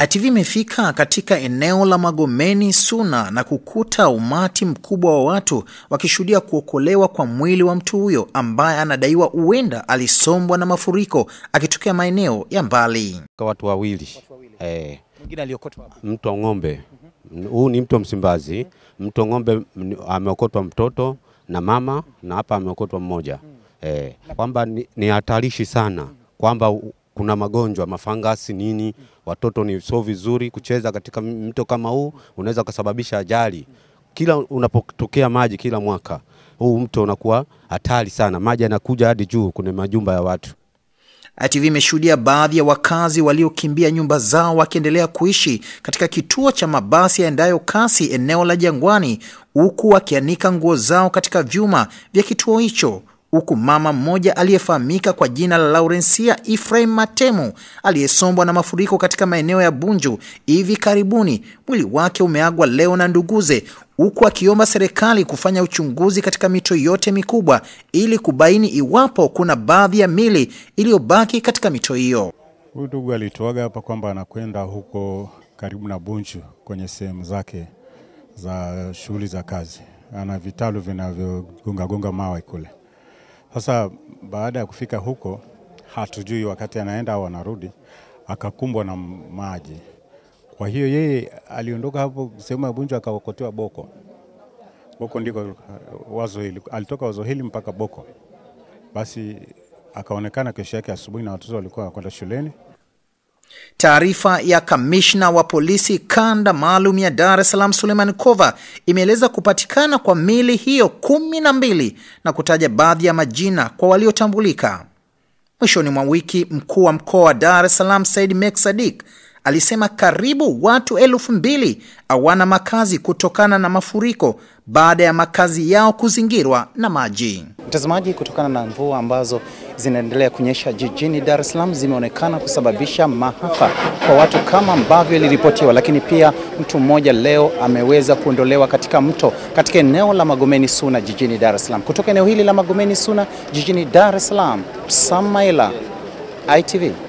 ATV imefika katika eneo la Magomeni Suna na kukuta umati mkubwa wa watu wakishuhudia kuokolewa kwa mwili wa mtu huyo ambaye anadaiwa huenda alisombwa na mafuriko akitokea maeneo ya mbali. Kwa watu wawili eh, mtu wa ng'ombe huu ni mtu wa Msimbazi. Mtu wa ng'ombe ameokotwa mtoto na mama na hapa ameokotwa mmoja eh, kwamba ni hatarishi sana kwamba kuna magonjwa mafangasi nini, watoto ni so vizuri kucheza katika mto kama huu, unaweza ukasababisha ajali kila unapotokea maji kila mwaka, huu mto unakuwa hatari sana, maji yanakuja hadi juu kwenye majumba ya watu. ITV imeshuhudia baadhi ya wakazi waliokimbia nyumba zao wakiendelea kuishi katika kituo cha mabasi yaendayo kasi eneo la Jangwani, huku wakianika nguo zao katika vyuma vya kituo hicho huku mama mmoja aliyefahamika kwa jina la Laurencia Ephraim Matemu aliyesombwa na mafuriko katika maeneo ya Bunju hivi karibuni, mwili wake umeagwa leo na nduguze, huku akiomba serikali kufanya uchunguzi katika mito yote mikubwa ili kubaini iwapo kuna baadhi ya mili iliyobaki katika mito hiyo. Huyu ndugu alitoaga hapa kwamba anakwenda huko karibu na Bunju kwenye sehemu zake za shughuli za kazi, ana vitalu vinavyogongagonga mawe kule sasa baada ya kufika huko, hatujui wakati anaenda au anarudi, akakumbwa na maji. Kwa hiyo yeye aliondoka hapo sehemu ya Bunju akaokotewa Boko. Boko ndiko uh, wazo hili, alitoka wazo hili mpaka Boko. Basi akaonekana kesho yake asubuhi na watoto walikuwa wakwenda shuleni. Taarifa ya kamishna wa polisi kanda maalum ya Dar es Salaam Suleiman Kova imeeleza kupatikana kwa mili hiyo kumi na mbili na kutaja baadhi ya majina kwa waliotambulika. Mwishoni mwa wiki, mkuu wa mkoa wa Dar es Salaam Said Mek Sadik alisema karibu watu elfu mbili hawana makazi kutokana na mafuriko baada ya makazi yao kuzingirwa na maji. Mtazamaji, kutokana na mvua ambazo zinaendelea kunyesha jijini Dar es Salaam zimeonekana kusababisha maafa kwa watu kama ambavyo iliripotiwa, lakini pia mtu mmoja leo ameweza kuondolewa katika mto katika eneo la Magomeni Suna jijini Dar es Salaam. Kutoka eneo hili la Magomeni Suna jijini Dar es Salaam, Samaila, ITV.